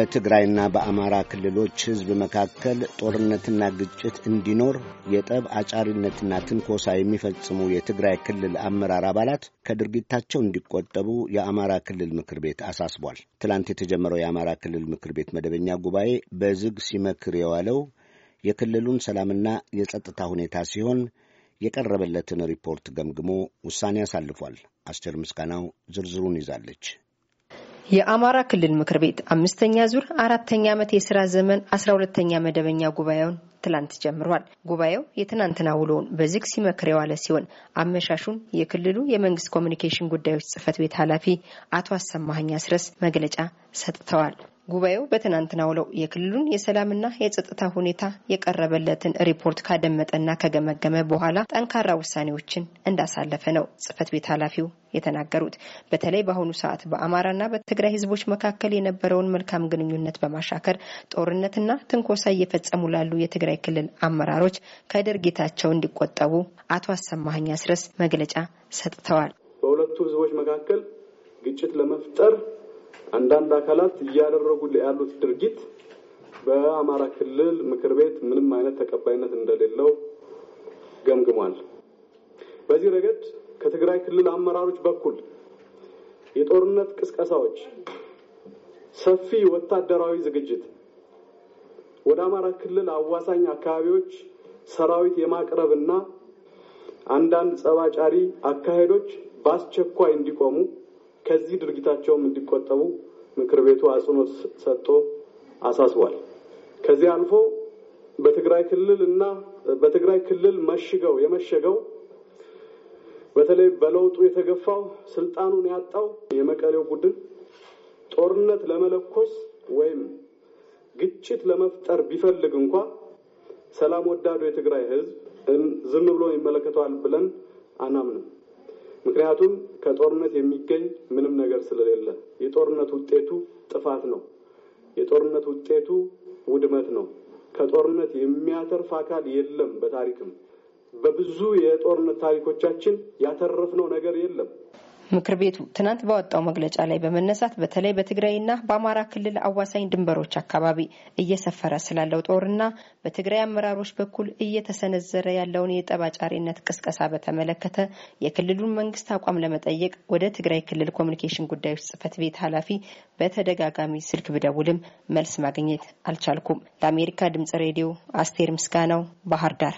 በትግራይና በአማራ ክልሎች ሕዝብ መካከል ጦርነትና ግጭት እንዲኖር የጠብ አጫሪነትና ትንኮሳ የሚፈጽሙ የትግራይ ክልል አመራር አባላት ከድርጊታቸው እንዲቆጠቡ የአማራ ክልል ምክር ቤት አሳስቧል። ትላንት የተጀመረው የአማራ ክልል ምክር ቤት መደበኛ ጉባኤ በዝግ ሲመክር የዋለው የክልሉን ሰላምና የጸጥታ ሁኔታ ሲሆን የቀረበለትን ሪፖርት ገምግሞ ውሳኔ አሳልፏል። አስቴር ምስጋናው ዝርዝሩን ይዛለች። የአማራ ክልል ምክር ቤት አምስተኛ ዙር አራተኛ ዓመት የስራ ዘመን አስራ ሁለተኛ መደበኛ ጉባኤውን ትላንት ጀምሯል። ጉባኤው የትናንትና ውሎውን በዝግ ሲመክር የዋለ ሲሆን አመሻሹን የክልሉ የመንግስት ኮሚኒኬሽን ጉዳዮች ጽህፈት ቤት ኃላፊ አቶ አሰማሀኝ አስረስ መግለጫ ሰጥተዋል። ጉባኤው በትናንትናው ዕለት የክልሉን የሰላምና የጸጥታ ሁኔታ የቀረበለትን ሪፖርት ካደመጠና ከገመገመ በኋላ ጠንካራ ውሳኔዎችን እንዳሳለፈ ነው ጽህፈት ቤት ኃላፊው የተናገሩት። በተለይ በአሁኑ ሰዓት በአማራና በትግራይ ህዝቦች መካከል የነበረውን መልካም ግንኙነት በማሻከር ጦርነትና ትንኮሳ እየፈጸሙ ላሉ የትግራይ ክልል አመራሮች ከድርጊታቸው እንዲቆጠቡ አቶ አሰማህኛ አስረስ መግለጫ ሰጥተዋል። በሁለቱ ህዝቦች መካከል ግጭት ለመፍጠር አንዳንድ አካላት እያደረጉ ያሉት ድርጊት በአማራ ክልል ምክር ቤት ምንም አይነት ተቀባይነት እንደሌለው ገምግሟል። በዚህ ረገድ ከትግራይ ክልል አመራሮች በኩል የጦርነት ቅስቀሳዎች፣ ሰፊ ወታደራዊ ዝግጅት፣ ወደ አማራ ክልል አዋሳኝ አካባቢዎች ሰራዊት የማቅረብ እና አንዳንድ ጸባጫሪ አካሄዶች በአስቸኳይ እንዲቆሙ ከዚህ ድርጊታቸውም እንዲቆጠቡ ምክር ቤቱ አጽንኦት ሰጥቶ አሳስቧል። ከዚህ አልፎ በትግራይ ክልል እና በትግራይ ክልል መሽገው የመሸገው በተለይ በለውጡ የተገፋው ስልጣኑን ያጣው የመቀሌው ቡድን ጦርነት ለመለኮስ ወይም ግጭት ለመፍጠር ቢፈልግ እንኳ ሰላም ወዳዱ የትግራይ ሕዝብ ዝም ብሎ ይመለከተዋል ብለን አናምንም። ምክንያቱም ከጦርነት የሚገኝ ምንም ነገር ስለሌለ የጦርነት ውጤቱ ጥፋት ነው። የጦርነት ውጤቱ ውድመት ነው። ከጦርነት የሚያተርፍ አካል የለም። በታሪክም በብዙ የጦርነት ታሪኮቻችን ያተረፍነው ነገር የለም። ምክር ቤቱ ትናንት ባወጣው መግለጫ ላይ በመነሳት በተለይ በትግራይና በአማራ ክልል አዋሳኝ ድንበሮች አካባቢ እየሰፈረ ስላለው ጦርና በትግራይ አመራሮች በኩል እየተሰነዘረ ያለውን የጠባጫሪነት ቅስቀሳ በተመለከተ የክልሉን መንግስት አቋም ለመጠየቅ ወደ ትግራይ ክልል ኮሚኒኬሽን ጉዳዮች ጽህፈት ቤት ኃላፊ በተደጋጋሚ ስልክ ብደውልም መልስ ማግኘት አልቻልኩም። ለአሜሪካ ድምጽ ሬዲዮ አስቴር ምስጋናው ባህር ዳር